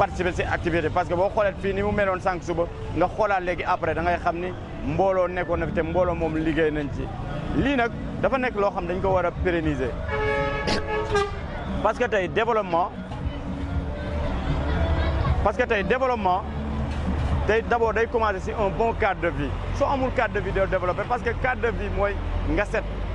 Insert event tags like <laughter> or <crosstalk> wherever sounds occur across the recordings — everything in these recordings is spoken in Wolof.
participer à activité parce que tu xoolee fini ni mu meloon 5 suba nga après da ngay vous avez na fi nañ ci. dafa xam dañ ko pérenniser <coughs> parce que tu développement parce que développement d'abord day commencer un bon cadre de vie un un cadre de vie de développer parce que cadre de vie mooy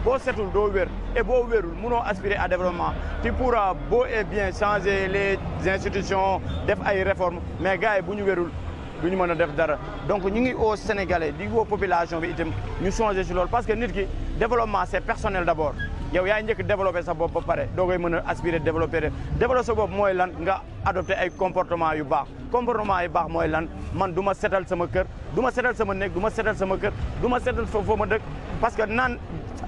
boo setul doo wér et boo wérul munoo aspirer à développement tu pourra beau et bien changer les institutions def ay réformes mais gars yi bu ñu wérul du def dara donc ñu ngi au Sénégalais di woo population bi itam ñu changer ci loolu parce que nit développement c'est personnel d'abord yow yaay njëkk développer sa bopp ba pare doo koy mën à aspirer développer développer sa bopp mooy lan nga adopter ay comportement yu baax comportement yu baax mooy lan man duma ma setal sama kër du ma setal sama néeg du ma setal sama kër du ma setal foofu parce que nan,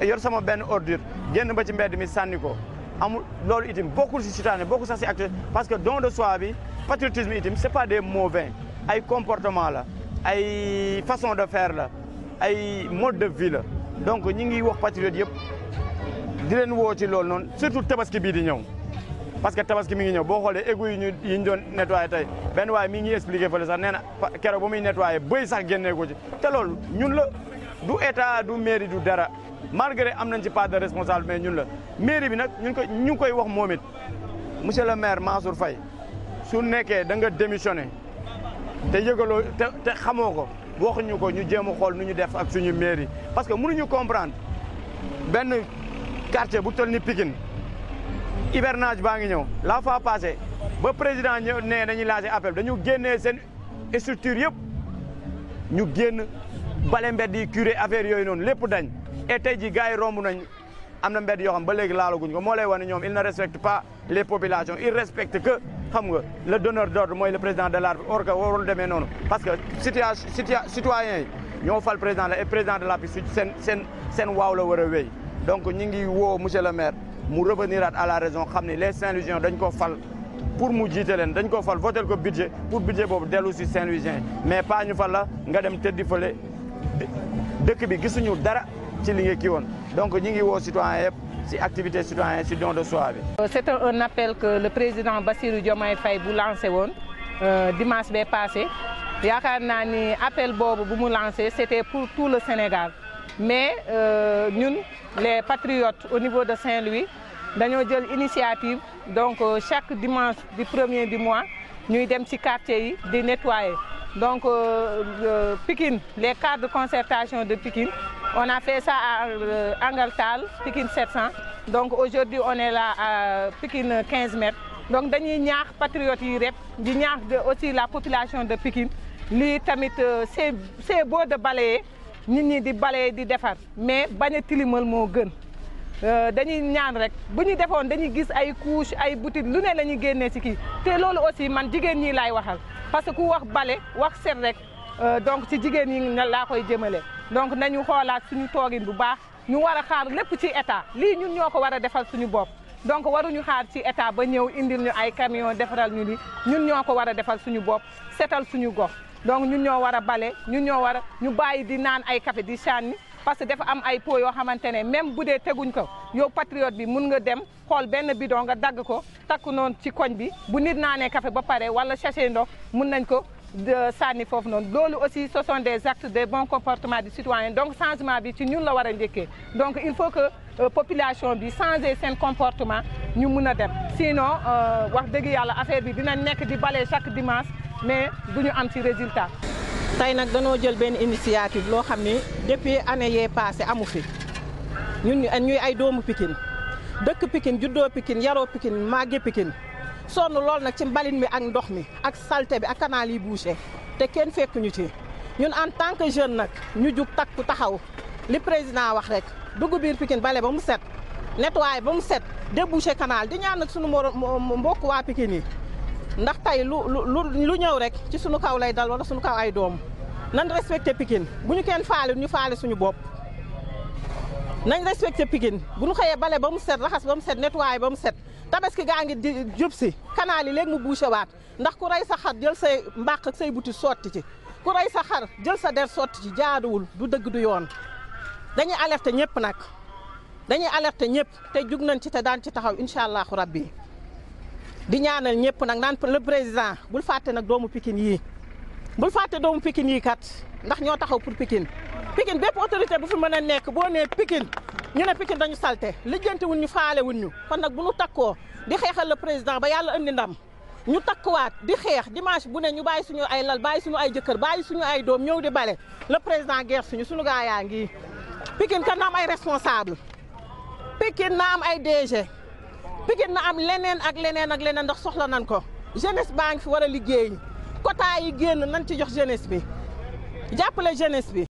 ayor sama ben ordure genn ba ci mbedd mi sanni ko amul lolu itim bokkul ci citane bokkul sax ci acte parce que don de soi bi patriotisme itim c'est pas des mauvais ay comportement la ay façon de faire la ay mode de vie la donc ñi ngi wax patriote yépp di leen woo ci loolu noonu surtout tabaski bii di ñëw parce que tabaski mi ngi ñëw boo xoolee égout yi ñu yi ñu doon nettoyé tey benn waaye mi ngi expliqué fële sax nee na keroog ba muy nettoyé bëy sax génnee ko ci te loolu ñun la du état du mairie du dara malgré am nañ ci part de responsable mais ñun la mairie bi nag ñun ko ñu ngi koy wax moom it monsieur le maire Mansour Faye su nekkee da nga démissionné te yëgaloo te te xamoo ko waxuñu ko ñu jéem a xool nu ñu def ak suñu mairie parce que ñu comprendre benn quartier bu toll ni Pikine hivernage baa ngi ñëw la fois passée ba président ñëw ne dañuy lancé appel dañu génnee seen structure yëpp ñu génn bale mbedd yi curé affaire yoy non lépp dañ et tay ji gaay romb nañ amna na yo xam ba léegi laalaguñ ko mo lay wone ñom il ne respecte pas les populations il respecte que xam nga le donneur d'ordre moy le président de l'arbre or que warul démé non parce que situa citoyens yi fal président la et président de la République sen sen sen waaw la wara wéy donc ñi ngi wo monsieur le maire mu revenir à la raison xam ni les saint louisien dañ ko fal pour mu jité len dañ ko fal voter ko budget pour budget bobu dellu ci Saint-Louisien mais pas ñu fal la nga dem tëddi fele dëkk bi gisuñu dara ci li nga ki woon donc ñi ngi woo citoyen yëpp si activité citoyen si don de soi bi euh, c'est un appel que le président Bassirou Diomaye Faye bu lancé woon euh, dimanche bee passé yaakaar naa ni appel boobu bu mu lancé c'était pour tout le Sénégal mais euh, ñun les patriotes au niveau de Saint-Louis dañoo jël initiative donc chaque dimanche du premier du mois ñuy dem ci quartier yi di nettoyer donc, euh, les cadres de concertation de Pékin, on a fait ça à euh, Angaltal, Pékin 700. Donc aujourd'hui, on est là à Pékin 15 mètres. Donc, dañuy les patriotes yi avons aussi la population de Pékin. Euh, c'est beau de balayer nit ni di balayer di mais bañ a tilimal Euh, dañuy ñaan rek bu ñu defoon dañuy gis ay couche ay boutique lu ne la ñuy génnee ci kii te loolu aussi man jigéen ñi laay waxal parce que ku wax bale wax set rek euh, donc ci jigéen ñi laa koy jëmale donc nañu xoolaat suñu toogin bu baax ñu war a xaar lépp ci état lii ñun ñoo ko war a defal suñu bopp donc waruñu xaar ci état ba ñëw indil ñu ay camion defaral ñu li ñun ñoo ko war a defal suñu bopp setal suñu gox donc ñun ñoo war a bale ñun ñoo war a ñu bàyyi di naan ay café di sànni parce que dafa am ay pots yoo xamante ne même bu dee teguñ ko yow patriote bi mun nga dem xool benn bidon nga dagg ko takk noonu ci koñ bi bu nit naanee café ba pare wala sachet ndox mun nañ ko sànni foofu noonu loolu aussi ce sont des actes de bon comportement du citoyen donc changement bi ci ñun la war a njëkkee donc il faut que euh, population bi changer seen comportement ñu mun a dem sinon euh, wax dëgg yàlla affaire bi dina nekk di bale chaque dimanche mais du ñu am ci résultat tey nag danoo jël benn initiative loo xam ne depuis année yee passé amu fi ñun ñuy ay doomu Pikine dëkk Pikine juddoo pikin yaroo Pikine màggee Pikine sonn lool nag ci mbalin mi ak ndox mi ak salte bi ak canal yi bouché te kenn fekkuñu ci ñun en tant que jeune nag ñu jug takku taxaw li président wax rek dugg biir Pikine bale ba mu set nettoyé ba mu set débouché canal di ñaan nag sunu mbokk waa Pikine yi ndax tey lu lu lu ñëw rek ci suñu kaw lay dal wala suñu kaw ay doom nan respecté Pikine bu ñu kenn faale ñu faale suñu bopp nañ respecté Pikine bu ñu xëyee bale ba mu set raxas ba mu set nettoyé ba mu set tabaski gaa ngi di jub si kanaal yi léegi mu bouché waat ndax ku rey sa xar jël say mbàq ak say buti sotti ci ku ray sa jël sa der sotti ci jaaduwul du dëgg du yoon dañuy alerte ñëpp nag dañuy alerté ñëpp te jug nañ ci te daan ci taxaw incha allahu rabbi di ñaanal ñëpp nag naan le président bul fàtte nag doomu pikin yii bul fàtte doomu Pikine yii kat ndax ñoo taxaw pour Pikine Pikine bépp autorité bu fi mën a nekk boo nee Pikine ñu ne Pikine dañu salte lijjanti wuñ ñu faale wuñ ñu kon nag bu ñu takkoo di xeexal le président ba yàlla indi ndam ñu takkuwaat di xeex dimanche bu ne ñu bàyyi suñu ay lal bàyyi suñu ay jëkkër bàyyi suñu ay doom ñëw di bale le président guerre suñu suñu gaa yaa ngi Pikine kat na ay responsable Pikine na am Pikine na am leneen ak leneen ak leneen ndax soxla nan ko jeunesse baa ngi fi war a liggéey quota yi génn nan ci jox jeunesse bi jàppale jeunesse bi.